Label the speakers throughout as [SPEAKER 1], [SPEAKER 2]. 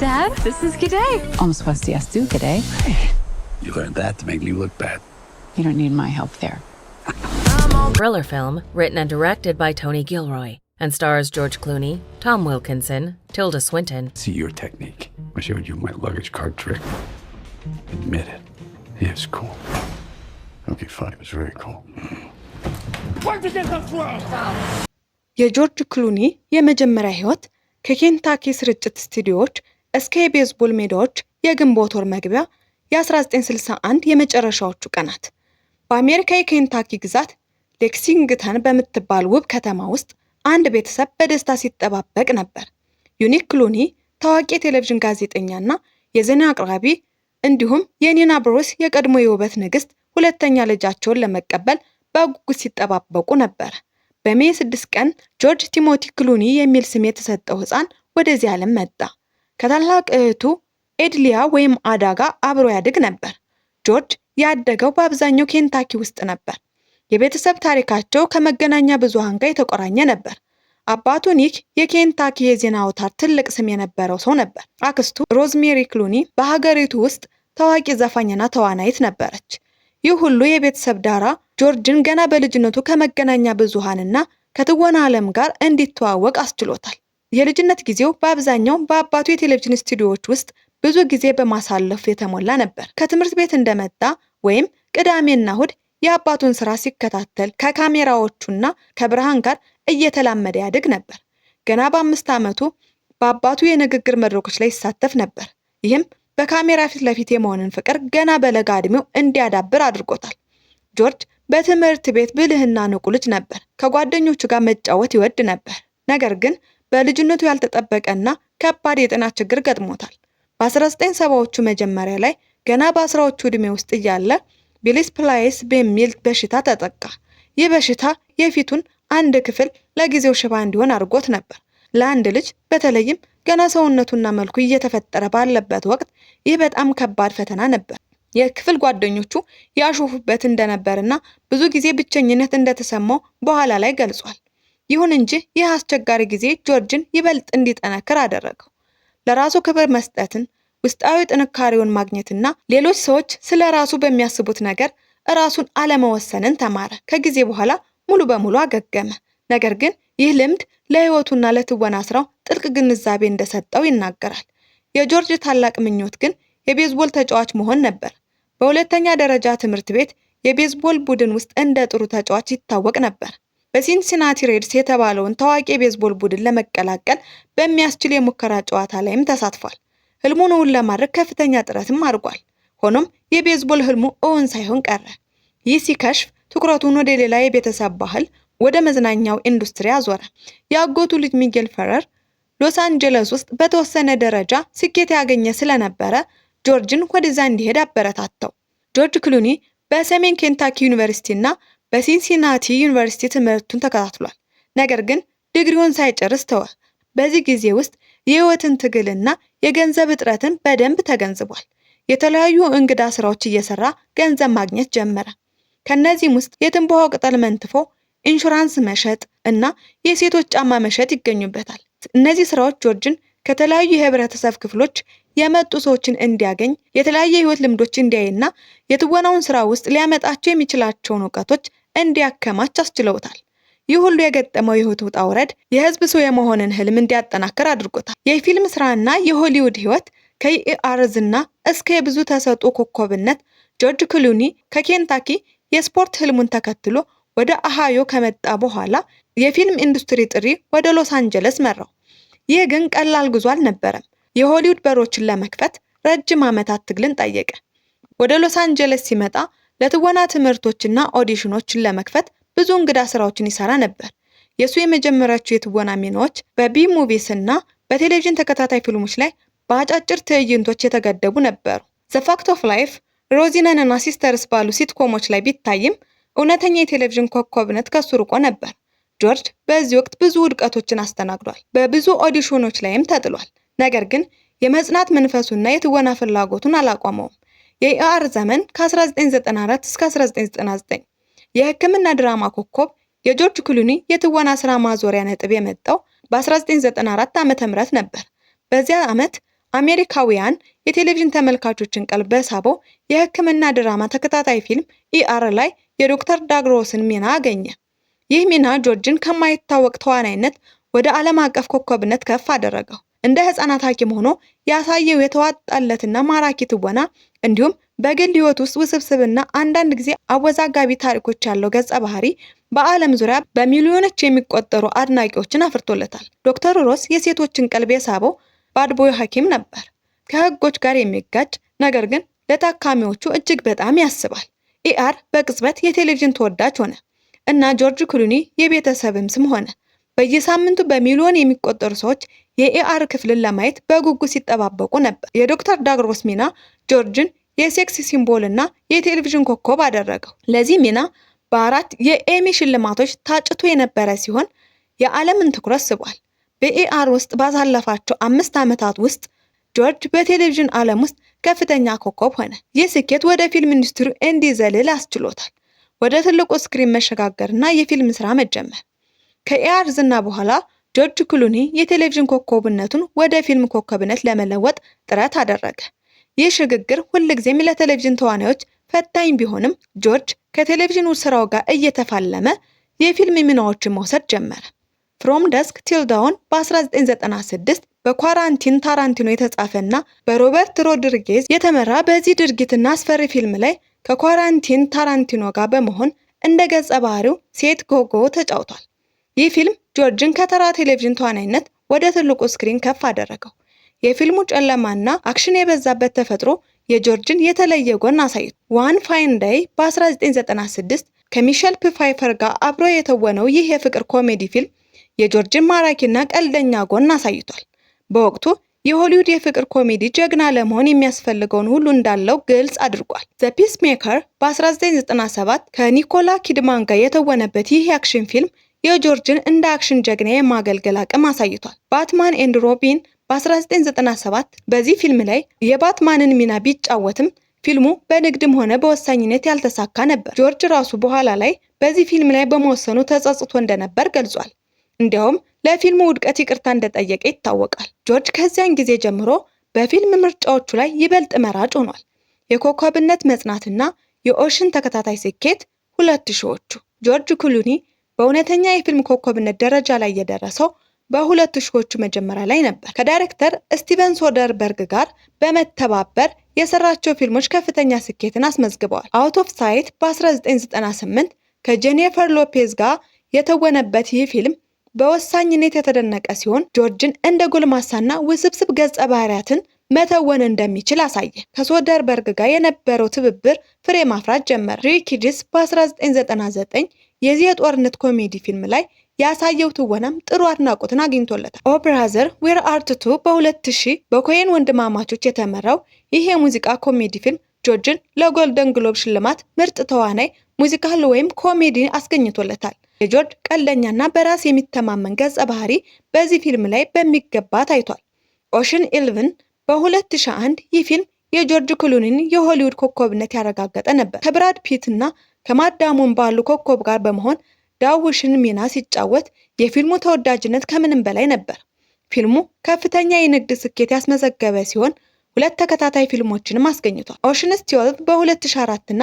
[SPEAKER 1] Dad, this is G'day.
[SPEAKER 2] Om swasti astu, G'day.
[SPEAKER 3] Hey,
[SPEAKER 4] you learned that to make me look bad.
[SPEAKER 2] You don't need my help there.
[SPEAKER 5] Thriller film, written and directed by Tony Gilroy, and stars George Clooney, Tom Wilkinson, Tilda Swinton.
[SPEAKER 4] See your technique. I showed you my luggage card trick. Admit it. Yeah, it's cool. Okay, fine. It was very cool.
[SPEAKER 6] የጆርጅ ክሉኒ የመጀመሪያ ህይወት ከኬንታኪ ስርጭት ስቱዲዮዎች እስከ የቤዝቦል ሜዳዎች የግንቦት ወር መግቢያ የ1961 የመጨረሻዎቹ ቀናት በአሜሪካ የኬንታኪ ግዛት ሌክሲንግተን በምትባል ውብ ከተማ ውስጥ አንድ ቤተሰብ በደስታ ሲጠባበቅ ነበር። ዩኒክ ክሉኒ ታዋቂ የቴሌቪዥን ጋዜጠኛና የዜና አቅራቢ እንዲሁም የኒና ብሮስ የቀድሞ የውበት ንግሥት ሁለተኛ ልጃቸውን ለመቀበል በጉጉት ሲጠባበቁ ነበር። በሜይ 6 ቀን ጆርጅ ቲሞቲ ክሉኒ የሚል ስም የተሰጠው ሕፃን ወደዚህ ዓለም መጣ። ከታላቅ እህቱ ኤድሊያ ወይም አዳ ጋር አብሮ ያድግ ነበር። ጆርጅ ያደገው በአብዛኛው ኬንታኪ ውስጥ ነበር። የቤተሰብ ታሪካቸው ከመገናኛ ብዙሃን ጋር የተቆራኘ ነበር። አባቱ ኒክ የኬንታኪ የዜና አውታር ትልቅ ስም የነበረው ሰው ነበር። አክስቱ ሮዝሜሪ ክሉኒ በሀገሪቱ ውስጥ ታዋቂ ዘፋኝና ተዋናይት ነበረች። ይህ ሁሉ የቤተሰብ ዳራ ጆርጅን ገና በልጅነቱ ከመገናኛ ብዙሃንና ከትወና ዓለም ጋር እንዲተዋወቅ አስችሎታል። የልጅነት ጊዜው በአብዛኛው በአባቱ የቴሌቪዥን ስቱዲዮዎች ውስጥ ብዙ ጊዜ በማሳለፍ የተሞላ ነበር። ከትምህርት ቤት እንደመጣ ወይም ቅዳሜና እሁድ የአባቱን ስራ ሲከታተል ከካሜራዎቹና ከብርሃን ጋር እየተላመደ ያድግ ነበር። ገና በአምስት ዓመቱ በአባቱ የንግግር መድረኮች ላይ ይሳተፍ ነበር። ይህም በካሜራ ፊት ለፊት የመሆንን ፍቅር ገና በለጋ ዕድሜው እንዲያዳብር አድርጎታል። ጆርጅ በትምህርት ቤት ብልህና ንቁ ልጅ ነበር። ከጓደኞቹ ጋር መጫወት ይወድ ነበር። ነገር ግን በልጅነቱ ያልተጠበቀና ከባድ የጤና ችግር ገጥሞታል። በ1970ዎቹ መጀመሪያ ላይ ገና በአስራዎቹ ዕድሜ ውስጥ እያለ ቢሊስ ፕላይስ በሚል በሽታ ተጠቃ። ይህ በሽታ የፊቱን አንድ ክፍል ለጊዜው ሽባ እንዲሆን አድርጎት ነበር። ለአንድ ልጅ በተለይም ገና ሰውነቱና መልኩ እየተፈጠረ ባለበት ወቅት ይህ በጣም ከባድ ፈተና ነበር። የክፍል ጓደኞቹ ያሾፉበት እንደነበርና ብዙ ጊዜ ብቸኝነት እንደተሰማው በኋላ ላይ ገልጿል። ይሁን እንጂ ይህ አስቸጋሪ ጊዜ ጆርጅን ይበልጥ እንዲጠነክር አደረገው። ለራሱ ክብር መስጠትን፣ ውስጣዊ ጥንካሬውን ማግኘትና ሌሎች ሰዎች ስለ ራሱ በሚያስቡት ነገር ራሱን አለመወሰንን ተማረ። ከጊዜ በኋላ ሙሉ በሙሉ አገገመ። ነገር ግን ይህ ልምድ ለሕይወቱና ለትወና ስራው ጥልቅ ግንዛቤ እንደሰጠው ይናገራል። የጆርጅ ታላቅ ምኞት ግን የቤዝቦል ተጫዋች መሆን ነበር። በሁለተኛ ደረጃ ትምህርት ቤት የቤዝቦል ቡድን ውስጥ እንደ ጥሩ ተጫዋች ይታወቅ ነበር። በሲንሲናቲ ሬድስ የተባለውን ታዋቂ የቤዝቦል ቡድን ለመቀላቀል በሚያስችል የሙከራ ጨዋታ ላይም ተሳትፏል። ህልሙን እውን ለማድረግ ከፍተኛ ጥረትም አድርጓል። ሆኖም የቤዝቦል ህልሙ እውን ሳይሆን ቀረ። ይህ ሲከሽፍ ትኩረቱን ወደ ሌላ የቤተሰብ ባህል፣ ወደ መዝናኛው ኢንዱስትሪ አዞረ። የአጎቱ ልጅ ሚጌል ፈረር ሎስ አንጀለስ ውስጥ በተወሰነ ደረጃ ስኬት ያገኘ ስለነበረ ጆርጅን ወደዛ እንዲሄድ አበረታተው። ጆርጅ ክሉኒ በሰሜን ኬንታኪ ዩኒቨርሲቲ እና በሲንሲናቲ ዩኒቨርሲቲ ትምህርቱን ተከታትሏል፣ ነገር ግን ዲግሪውን ሳይጨርስ ተወ። በዚህ ጊዜ ውስጥ የህይወትን ትግልና የገንዘብ እጥረትን በደንብ ተገንዝቧል። የተለያዩ እንግዳ ስራዎች እየሰራ ገንዘብ ማግኘት ጀመረ። ከእነዚህም ውስጥ የትንባሆ ቅጠል መንትፎ፣ ኢንሹራንስ መሸጥ እና የሴቶች ጫማ መሸጥ ይገኙበታል። እነዚህ ስራዎች ጆርጅን ከተለያዩ የህብረተሰብ ክፍሎች የመጡ ሰዎችን እንዲያገኝ የተለያየ የህይወት ልምዶች እንዲያይና የትወናውን ስራ ውስጥ ሊያመጣቸው የሚችላቸውን እውቀቶች እንዲያከማች አስችለውታል። ይህ ሁሉ የገጠመው የህይወት ውጣ ውረድ የህዝብ ሰው የመሆንን ህልም እንዲያጠናክር አድርጎታል። የፊልም ስራና የሆሊውድ ህይወት ከኢአር እስከ የብዙ ተሰጦ ኮከብነት ጆርጅ ክሉኒ ከኬንታኪ የስፖርት ህልሙን ተከትሎ ወደ አሃዮ ከመጣ በኋላ የፊልም ኢንዱስትሪ ጥሪ ወደ ሎስ አንጀለስ መራው። ይህ ግን ቀላል ጉዞ አልነበረም። የሆሊውድ በሮችን ለመክፈት ረጅም ዓመታት ትግልን ጠየቀ። ወደ ሎስ አንጀለስ ሲመጣ ለትወና ትምህርቶችና ኦዲሽኖችን ለመክፈት ብዙ እንግዳ ስራዎችን ይሰራ ነበር። የእሱ የመጀመሪያዎቹ የትወና ሚናዎች በቢ ሙቪስ እና በቴሌቪዥን ተከታታይ ፊልሞች ላይ በአጫጭር ትዕይንቶች የተገደቡ ነበሩ። ዘ ፋክት ኦፍ ላይፍ፣ ሮዚነን እና ሲስተርስ ባሉ ሲትኮሞች ላይ ቢታይም እውነተኛ የቴሌቪዥን ኮከብነት ከሱ ርቆ ነበር። ጆርጅ በዚህ ወቅት ብዙ ውድቀቶችን አስተናግዷል። በብዙ ኦዲሽኖች ላይም ተጥሏል። ነገር ግን የመጽናት መንፈሱና የትወና ፍላጎቱን አላቆመውም። የኢአር ዘመን ከ1994 እስከ 1999 የህክምና ድራማ ኮከብ የጆርጅ ክሉኒ የትወና ስራ ማዞሪያ ነጥብ የመጣው በ1994 ዓ.ም ነበር። በዚያ ዓመት አሜሪካውያን የቴሌቪዥን ተመልካቾችን ቀልብ በሳበው የህክምና ድራማ ተከታታይ ፊልም ኢአር ላይ የዶክተር ዳግሮስን ሚና አገኘ። ይህ ሚና ጆርጅን ከማይታወቅ ተዋናይነት ወደ ዓለም አቀፍ ኮከብነት ከፍ አደረገው። እንደ ህፃናት ሐኪም ሆኖ ያሳየው የተዋጣለትና ማራኪ ትወና እንዲሁም በግል ህይወት ውስጥ ውስብስብና አንዳንድ ጊዜ አወዛጋቢ ታሪኮች ያለው ገጸ ባህሪ በዓለም ዙሪያ በሚሊዮኖች የሚቆጠሩ አድናቂዎችን አፍርቶለታል። ዶክተር ሮስ የሴቶችን ቀልብ የሳበው ባድቦይ ሐኪም ነበር። ከህጎች ጋር የሚጋጭ ነገር ግን ለታካሚዎቹ እጅግ በጣም ያስባል። ኢአር በቅጽበት የቴሌቪዥን ተወዳጅ ሆነ እና ጆርጅ ክሉኒ የቤተሰብም ስም ሆነ። በየሳምንቱ በሚሊዮን የሚቆጠሩ ሰዎች የኤአር ክፍልን ለማየት በጉጉት ሲጠባበቁ ነበር። የዶክተር ዳግሮስ ሚና ጆርጅን የሴክስ ሲምቦል እና የቴሌቪዥን ኮከብ አደረገው። ለዚህ ሚና በአራት የኤሚ ሽልማቶች ታጭቶ የነበረ ሲሆን የዓለምን ትኩረት ስቧል። በኤአር ውስጥ ባሳለፋቸው አምስት ዓመታት ውስጥ ጆርጅ በቴሌቪዥን ዓለም ውስጥ ከፍተኛ ኮከብ ሆነ። ይህ ስኬት ወደ ፊልም ኢንዱስትሪ እንዲዘልል አስችሎታል። ወደ ትልቁ ስክሪን መሸጋገርና የፊልም ስራ መጀመር ከኤአር ዝና በኋላ ጆርጅ ክሉኒ የቴሌቪዥን ኮከብነቱን ወደ ፊልም ኮከብነት ለመለወጥ ጥረት አደረገ። ይህ ሽግግር ሁልጊዜም ለቴሌቪዥን ተዋናዮች ፈታኝ ቢሆንም፣ ጆርጅ ከቴሌቪዥኑ ስራው ጋር እየተፋለመ የፊልም ሚናዎችን መውሰድ ጀመረ። ፍሮም ደስክ ቲል ዳውን በ1996 በኳራንቲን ታራንቲኖ የተጻፈና በሮበርት ሮድሪጌዝ የተመራ በዚህ ድርጊትና አስፈሪ ፊልም ላይ ከኳራንቲን ታራንቲኖ ጋር በመሆን እንደ ገጸ ባህሪው ሴት ጎጎ ተጫውቷል። ይህ ፊልም ጆርጅን ከተራ ቴሌቪዥን ተዋናይነት ወደ ትልቁ ስክሪን ከፍ አደረገው። የፊልሙ ጨለማና አክሽን የበዛበት ተፈጥሮ የጆርጅን የተለየ ጎን አሳይቷል። ዋን ፋይን ዳይ በ1996 ከሚሸል ፕፋይፈር ጋር አብሮ የተወነው ይህ የፍቅር ኮሜዲ ፊልም የጆርጅን ማራኪና ቀልደኛ ጎን አሳይቷል። በወቅቱ የሆሊውድ የፍቅር ኮሜዲ ጀግና ለመሆን የሚያስፈልገውን ሁሉ እንዳለው ግልጽ አድርጓል። ዘ ፒስ ሜከር በ1997 ከኒኮላ ኪድማን ጋር የተወነበት ይህ የአክሽን ፊልም የጆርጅን እንደ አክሽን ጀግና የማገልገል አቅም አሳይቷል። ባትማን ኤንድ ሮቢን በ1997 በዚህ ፊልም ላይ የባትማንን ሚና ቢጫወትም ፊልሙ በንግድም ሆነ በወሳኝነት ያልተሳካ ነበር። ጆርጅ ራሱ በኋላ ላይ በዚህ ፊልም ላይ በመወሰኑ ተጸጽቶ እንደነበር ገልጿል። እንዲያውም ለፊልሙ ውድቀት ይቅርታ እንደጠየቀ ይታወቃል። ጆርጅ ከዚያን ጊዜ ጀምሮ በፊልም ምርጫዎቹ ላይ ይበልጥ መራጭ ሆኗል። የኮከብነት መጽናትና የኦሽን ተከታታይ ስኬት ሁለት ሺዎቹ ጆርጅ ክሉኒ በእውነተኛ የፊልም ኮከብነት ደረጃ ላይ የደረሰው በሁለት ሺዎቹ መጀመሪያ ላይ ነበር። ከዳይሬክተር ስቲቨን ሶደርበርግ ጋር በመተባበር የሰራቸው ፊልሞች ከፍተኛ ስኬትን አስመዝግበዋል። አውት ኦፍ ሳይት በ1998 ከጄኒፈር ሎፔዝ ጋር የተወነበት ይህ ፊልም በወሳኝነት የተደነቀ ሲሆን ጆርጅን እንደ ጎልማሳና ውስብስብ ገጸ ባህሪያትን መተወን እንደሚችል አሳየ። ከሶደርበርግ ጋር የነበረው ትብብር ፍሬ ማፍራት ጀመረ። ሪኪድስ በ1999 የዚህ የጦርነት ኮሜዲ ፊልም ላይ ያሳየው ትወናም ጥሩ አድናቆትን አግኝቶለታል። ኦ ዌር አርት ቱ በ2000 በኮሄን ወንድማማቾች የተመራው ይህ የሙዚቃ ኮሜዲ ፊልም ጆርጅን ለጎልደን ግሎብ ሽልማት ምርጥ ተዋናይ ሙዚካል ወይም ኮሜዲ አስገኝቶለታል። የጆርጅ ቀልደኛና በራስ የሚተማመን ገጸ ባህሪ በዚህ ፊልም ላይ በሚገባ ታይቷል። ኦሽን ኢልቭን በ2001 ይህ ፊልም የጆርጅ ክሉኒን የሆሊውድ ኮከብነት ያረጋገጠ ነበር። ከብራድ ፒት እና ከማዳሙን ባሉ ኮከብ ጋር በመሆን ዳውሽን ሚና ሲጫወት የፊልሙ ተወዳጅነት ከምንም በላይ ነበር። ፊልሙ ከፍተኛ የንግድ ስኬት ያስመዘገበ ሲሆን ሁለት ተከታታይ ፊልሞችንም አስገኝቷል። ኦሽንስ 12 በ2004 እና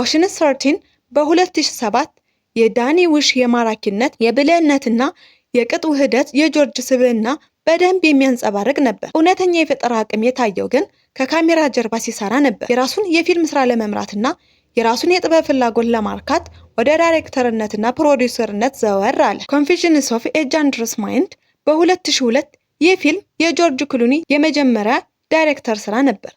[SPEAKER 6] ኦሽንስ 13 በ2007 የዳኒ ውሽ የማራኪነት የብልህነትና የቅጥ ውህደት የጆርጅ ስብዕና በደንብ የሚያንጸባርቅ ነበር። እውነተኛ የፈጠራ አቅም የታየው ግን ከካሜራ ጀርባ ሲሰራ ነበር። የራሱን የፊልም ስራ ለመምራትና የራሱን የጥበብ ፍላጎት ለማርካት ወደ ዳይሬክተርነትና ፕሮዲውሰርነት ዘወር አለ። ኮንፌሽንስ ኦፍ ኤ ጃንድረስ ማይንድ በ2002 ይህ ፊልም የጆርጅ ክሉኒ የመጀመሪያ ዳይሬክተር ስራ ነበር።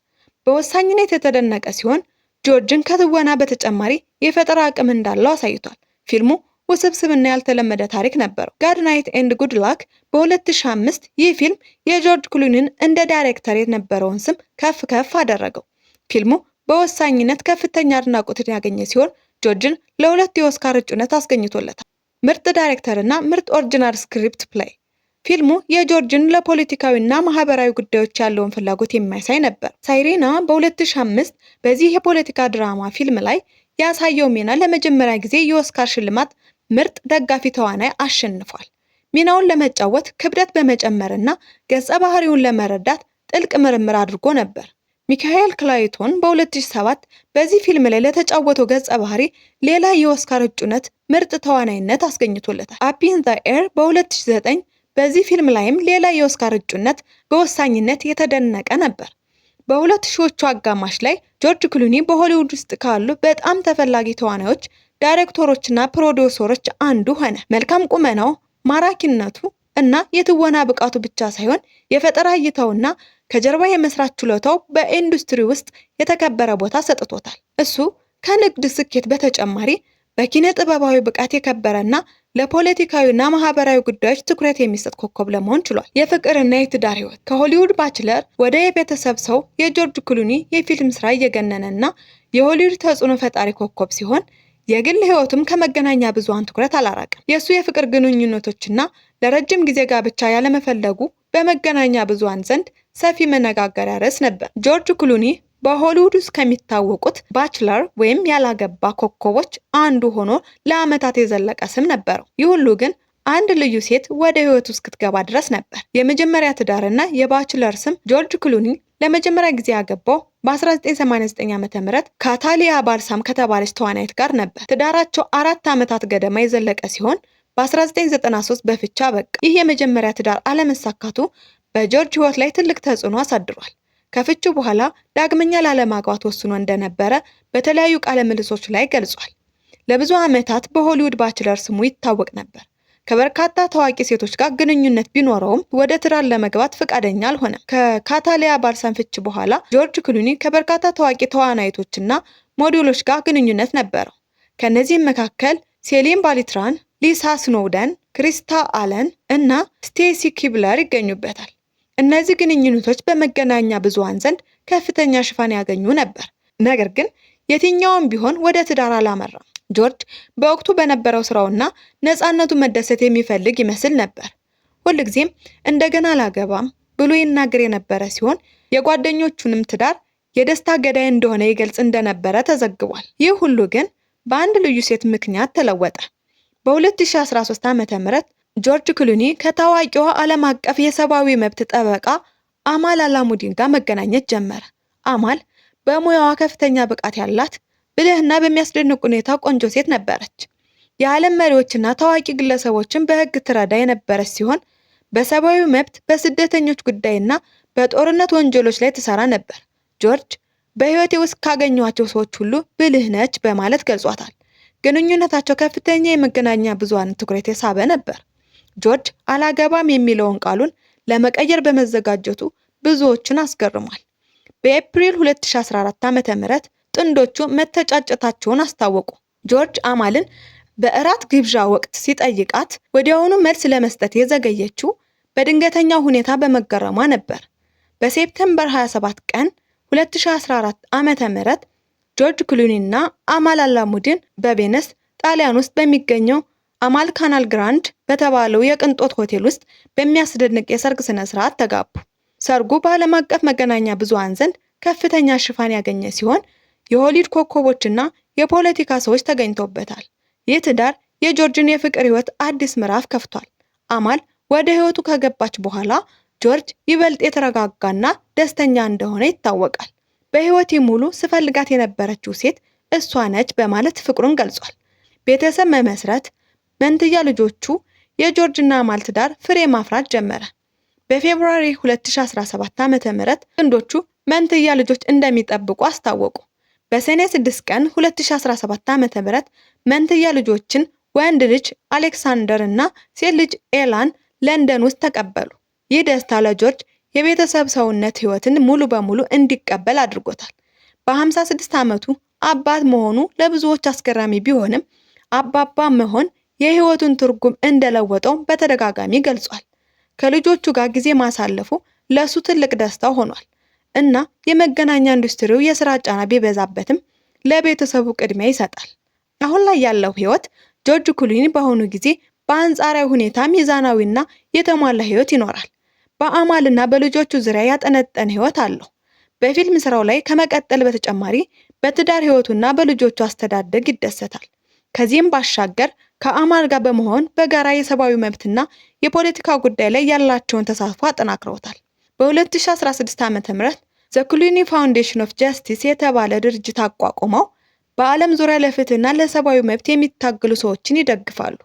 [SPEAKER 6] በወሳኝነት የተደነቀ ሲሆን ጆርጅን ከትወና በተጨማሪ የፈጠራ አቅም እንዳለው አሳይቷል። ፊልሙ ውስብስብና ያልተለመደ ታሪክ ነበረው። ጋድ ናይት ኤንድ ጉድ ላክ በ2005 ይህ ፊልም የጆርጅ ክሉኒን እንደ ዳይሬክተር የነበረውን ስም ከፍ ከፍ አደረገው። ፊልሙ በወሳኝነት ከፍተኛ አድናቆትን ያገኘ ሲሆን ጆርጅን ለሁለት የኦስካር እጩነት አስገኝቶለታል። ምርጥ ዳይሬክተር እና ምርጥ ኦሪጂናል ስክሪፕት ፕላይ ፊልሙ የጆርጅን ለፖለቲካዊና ማህበራዊ ጉዳዮች ያለውን ፍላጎት የሚያሳይ ነበር። ሳይሬና በ2005 በዚህ የፖለቲካ ድራማ ፊልም ላይ ያሳየው ሚና ለመጀመሪያ ጊዜ የኦስካር ሽልማት ምርጥ ደጋፊ ተዋናይ አሸንፏል። ሚናውን ለመጫወት ክብደት በመጨመርና ገጸ ባህሪውን ለመረዳት ጥልቅ ምርምር አድርጎ ነበር። ሚካኤል ክላይቶን በ2007 በዚህ ፊልም ላይ ለተጫወተው ገጸ ባህሪ ሌላ የኦስካር እጩነት ምርጥ ተዋናይነት አስገኝቶለታል። አፒን ዘ ኤር በ2009 በዚህ ፊልም ላይም ሌላ የኦስካር እጩነት በወሳኝነት የተደነቀ ነበር። በሁለት ሺዎቹ አጋማሽ ላይ ጆርጅ ክሉኒ በሆሊውድ ውስጥ ካሉ በጣም ተፈላጊ ተዋናዮች፣ ዳይሬክተሮችና ፕሮዲውሰሮች አንዱ ሆነ። መልካም ቁመናው፣ ማራኪነቱ እና የትወና ብቃቱ ብቻ ሳይሆን የፈጠራ እይታውና ከጀርባ የመስራት ችሎታው በኢንዱስትሪ ውስጥ የተከበረ ቦታ ሰጥቶታል። እሱ ከንግድ ስኬት በተጨማሪ በኪነ ጥበባዊ ብቃት የከበረና ለፖለቲካዊና ማህበራዊ ጉዳዮች ትኩረት የሚሰጥ ኮከብ ለመሆን ችሏል። የፍቅርና የትዳር ህይወት ከሆሊውድ ባችለር ወደ የቤተሰብ ሰው የጆርጅ ክሉኒ የፊልም ስራ እየገነነና የሆሊውድ ተጽዕኖ ፈጣሪ ኮከብ ሲሆን የግል ህይወቱም ከመገናኛ ብዙሃን ትኩረት አላራቅም። የእሱ የፍቅር ግንኙነቶችና ለረጅም ጊዜ ጋብቻ ያለመፈለጉ በመገናኛ ብዙሃን ዘንድ ሰፊ መነጋገሪያ ርዕስ ነበር። ጆርጅ ክሉኒ በሆሊውድ ውስጥ ከሚታወቁት ባችለር ወይም ያላገባ ኮከቦች አንዱ ሆኖ ለዓመታት የዘለቀ ስም ነበረው። ይህ ሁሉ ግን አንድ ልዩ ሴት ወደ ህይወቱ እስክትገባ ድረስ ነበር። የመጀመሪያ ትዳርና የባችለር ስም ጆርጅ ክሉኒ ለመጀመሪያ ጊዜ ያገባው በ1989 ዓ ም ከታሊያ ባልሳም ከተባለች ተዋናይት ጋር ነበር። ትዳራቸው አራት ዓመታት ገደማ የዘለቀ ሲሆን በ1993 በፍቻ በቃ። ይህ የመጀመሪያ ትዳር አለመሳካቱ በጆርጅ ሕይወት ላይ ትልቅ ተጽዕኖ አሳድሯል። ከፍቹ በኋላ ዳግመኛ ላለማግባት ወስኖ እንደነበረ በተለያዩ ቃለ ምልሶች ላይ ገልጿል። ለብዙ ዓመታት በሆሊውድ ባችለር ስሙ ይታወቅ ነበር። ከበርካታ ታዋቂ ሴቶች ጋር ግንኙነት ቢኖረውም ወደ ትዳር ለመግባት ፈቃደኛ አልሆነም። ከካታሊያ ባርሳን ፍች በኋላ ጆርጅ ክሉኒ ከበርካታ ታዋቂ ተዋናይቶችና ሞዴሎች ጋር ግንኙነት ነበረው። ከእነዚህም መካከል ሴሊን ባሊትራን፣ ሊሳ ስኖውደን፣ ክሪስታ አለን እና ስቴሲ ኪብለር ይገኙበታል። እነዚህ ግንኙነቶች በመገናኛ ብዙሃን ዘንድ ከፍተኛ ሽፋን ያገኙ ነበር፣ ነገር ግን የትኛውም ቢሆን ወደ ትዳር አላመራም። ጆርጅ በወቅቱ በነበረው ስራውና ነፃነቱ መደሰት የሚፈልግ ይመስል ነበር። ሁልጊዜም እንደገና አላገባም ብሎ ይናገር የነበረ ሲሆን የጓደኞቹንም ትዳር የደስታ ገዳይ እንደሆነ ይገልጽ እንደነበረ ተዘግቧል። ይህ ሁሉ ግን በአንድ ልዩ ሴት ምክንያት ተለወጠ። በ2013 ም ጆርጅ ክሉኒ ከታዋቂዋ ዓለም አቀፍ የሰብአዊ መብት ጠበቃ አማል አላሙዲን ጋር መገናኘት ጀመረ። አማል በሙያዋ ከፍተኛ ብቃት ያላት ብልህና በሚያስደንቅ ሁኔታ ቆንጆ ሴት ነበረች። የዓለም መሪዎችና ታዋቂ ግለሰቦችን በሕግ ትረዳ የነበረች ሲሆን በሰብአዊ መብት፣ በስደተኞች ጉዳይና በጦርነት ወንጀሎች ላይ ትሰራ ነበር። ጆርጅ በሕይወቴ ውስጥ ካገኘኋቸው ሰዎች ሁሉ ብልህ ነች በማለት ገልጿታል። ግንኙነታቸው ከፍተኛ የመገናኛ ብዙሃን ትኩረት የሳበ ነበር። ጆርጅ አላገባም የሚለውን ቃሉን ለመቀየር በመዘጋጀቱ ብዙዎችን አስገርሟል። በኤፕሪል 2014 ም ጥንዶቹ መተጫጨታቸውን አስታወቁ። ጆርጅ አማልን በእራት ግብዣ ወቅት ሲጠይቃት ወዲያውኑ መልስ ለመስጠት የዘገየችው በድንገተኛ ሁኔታ በመገረሟ ነበር። በሴፕተምበር 27 ቀን 2014 ም ጆርጅ ክሉኒ እና አማል አላሙዲን በቬነስ ጣሊያን ውስጥ በሚገኘው አማል ካናል ግራንድ በተባለው የቅንጦት ሆቴል ውስጥ በሚያስደንቅ የሰርግ ሥነ ሥርዓት ተጋቡ። ሰርጉ በዓለም አቀፍ መገናኛ ብዙኃን ዘንድ ከፍተኛ ሽፋን ያገኘ ሲሆን የሆሊድ ኮከቦችና የፖለቲካ ሰዎች ተገኝተውበታል። ይህ ትዳር የጆርጅን የፍቅር ሕይወት አዲስ ምዕራፍ ከፍቷል። አማል ወደ ሕይወቱ ከገባች በኋላ ጆርጅ ይበልጥ የተረጋጋና ደስተኛ እንደሆነ ይታወቃል። በህይወቴ ሙሉ ስፈልጋት የነበረችው ሴት እሷ ነች በማለት ፍቅሩን ገልጿል። ቤተሰብ መመስረት፣ መንትያ ልጆቹ የጆርጅ እና ማልት ዳር ፍሬ ማፍራት ጀመረ። በፌብሩዋሪ 2017 ም ጥንዶቹ መንትያ ልጆች እንደሚጠብቁ አስታወቁ። በሰኔ 6 ቀን 2017 ዓ.ም መንትያ ልጆችን ወንድ ልጅ አሌክሳንደር እና ሴት ልጅ ኤላን ለንደን ውስጥ ተቀበሉ። ይህ ደስታ ለጆርጅ የቤተሰብ ሰውነት ሕይወትን ሙሉ በሙሉ እንዲቀበል አድርጎታል። በ56 ዓመቱ አባት መሆኑ ለብዙዎች አስገራሚ ቢሆንም አባባ መሆን የሕይወቱን ትርጉም እንደለወጠውም በተደጋጋሚ ገልጿል። ከልጆቹ ጋር ጊዜ ማሳለፉ ለእሱ ትልቅ ደስታ ሆኗል እና የመገናኛ ኢንዱስትሪው የሥራ ጫና ቢበዛበትም ለቤተሰቡ ቅድሚያ ይሰጣል። አሁን ላይ ያለው ሕይወት ጆርጅ ክሉኒ በአሁኑ ጊዜ በአንጻራዊ ሁኔታ ሚዛናዊና የተሟላ ሕይወት ይኖራል። በአማልና በልጆቹ ዙሪያ ያጠነጠነ ህይወት አለው። በፊልም ስራው ላይ ከመቀጠል በተጨማሪ በትዳር ህይወቱና በልጆቹ አስተዳደግ ይደሰታል። ከዚህም ባሻገር ከአማን ጋር በመሆን በጋራ የሰብአዊ መብትና የፖለቲካ ጉዳይ ላይ ያላቸውን ተሳትፎ አጠናክረውታል። በ2016 ዓ.ም ዘ ዘኩሊኒ ፋውንዴሽን ኦፍ ጃስቲስ የተባለ ድርጅት አቋቁመው በዓለም ዙሪያ ለፍትህና ለሰብአዊ መብት የሚታገሉ ሰዎችን ይደግፋሉ።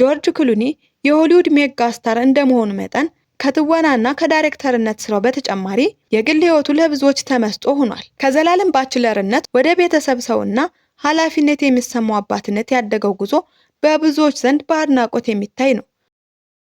[SPEAKER 6] ጆርጅ ክሉኒ የሆሊውድ ሜጋ ስታር እንደመሆኑ መጠን ከትወናና ከዳይሬክተርነት ስራው በተጨማሪ የግል ህይወቱ ለብዙዎች ተመስጦ ሆኗል። ከዘላለም ባችለርነት ወደ ቤተሰብ ሰውና ኃላፊነት የሚሰማው አባትነት ያደገው ጉዞ በብዙዎች ዘንድ በአድናቆት የሚታይ ነው።